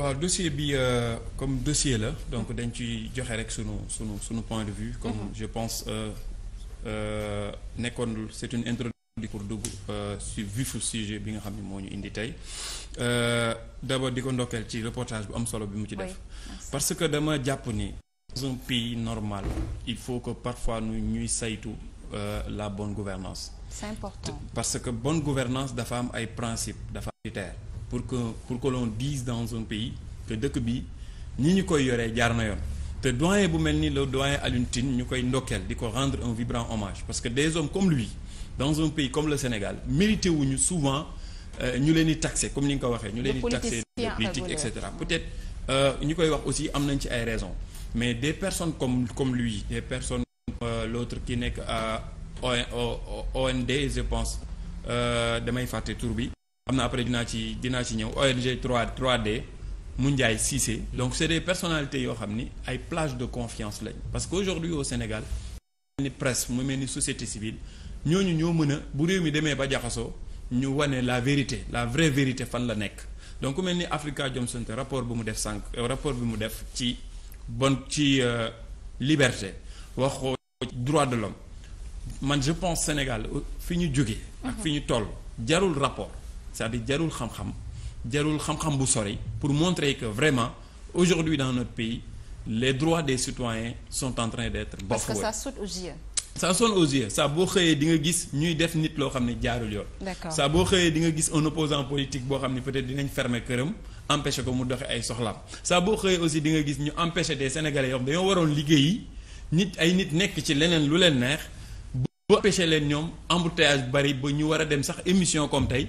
waaw dossier bi euh, comme dossier la donc dañ ci joxe rek sunu sunu sunu point de vue comme mm je pense euh, euh, nekkoon c'est une introduction pour dugg si euh, vif sujet bi nga xam ni moo ñu indi tey euh, d'abord di ko ndokkeel ci reportage bu am solo bi mu ci def parce que dama jàpp ni dans un pays normal il faut que parfois nu ñuy saytu la bonne gouvernance c'est important parce que bonne gouvernance dafa am ay principe dafa am critère pour que pour que l'on dise dans un pays que dëkk bi ñi ñu koy yoree jaar na yoon te doyen bu mel ni le doyen Alioune ñu koy ndokkeel di ko rendre un vibrant hommage parce que des hommes comme lui dans un pays comme le Sénégal mérité ñu souvent euh, ñu leen di taxé comme ni nga ko waxee ñu leen di taxé de politique et cetera peut-être euh, ñu koy wax aussi am nañ ci ay raisons mais des personnes comme comme luy des personnes euh, l'autre ki nekk OND je pense euh, damay fàtte tour bi xam na après dinaa ci dinaa ci ñëw ONG 3 3D Moundiaye Cissé donc c'est des personnalités yoo xam ni ay plage de confiance lañ parce que aujourd'hui au Sénégal mu mel ni presse mu mel ni société civile ñooñu ñoo mën a bu réew mi demee ba jaxasoo ñu wane la vérité la vraie vérité fan la nekk donc ku mel ni Afrikajom Center rapport bu mu def sànq euh, rapport bi mu def ci bon ci euh, liberté waxoo droit de l'homme man je pense Sénégal euh, fi ñu jóge ak mhm. fi ñu toll jarul rapport c'est-à-dire jarul xam-xam jarul xam-xam bu sore pour montrer que vraiment aujourd'hui dans notre pays les droits des citoyens sont en train d'être bafoués. parce que ça saute ça sonne aux yeux saa boo xëyee di nga gis ñuy def nit loo xam ne jaarul yoon. d'accord saa boo xëyee di nga gis un opposant politique boo xam ne peut-être dinañ fermer këram empêcher ko mu doxe ay soxlaam saa boo xëyee aussi di nga gis ñu empêcher de sénégalais yoo xam dañoo waroon liggéeyi nit ay nit nekk ci leneen lu leen neex bu empêcher leen ñoom embouteillage bari ba ñu war a dem sax émission comme tey.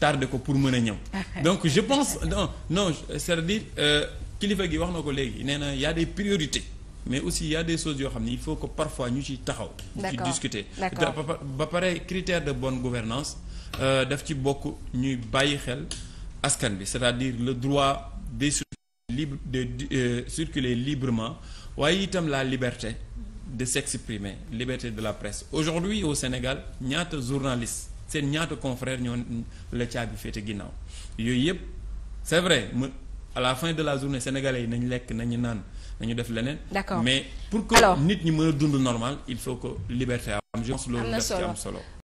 tardé ko pour mën a ñëw. donc je pense non non c'est-à-dire euh, kilifa gi wax na ko léegi nee na y a des mais aussi il y a des choses yoo xam ne il faut que parfois ñu ciy taxaw. ci discuter ba pare critère de bonne gouvernance euh, def ci bokk ñuy bàyyi xel askan bi c'est-à-dire le droit des libre de euh, circuler librement waaye itam la liberté de s'exprimer liberté de la presse aujourd'hui au Sénégal ñaata journaliste seen ñaata confrère ñoo la caabi féete ginnaaw yooyu yëpp c'est vrai mu à la fin de la journée sénégalais yi nañu lekk nañu naan nañu def leneen. d'accord mais pour que nit ñi mën a dund normal il faut que liberté am je pense loolu def am solo.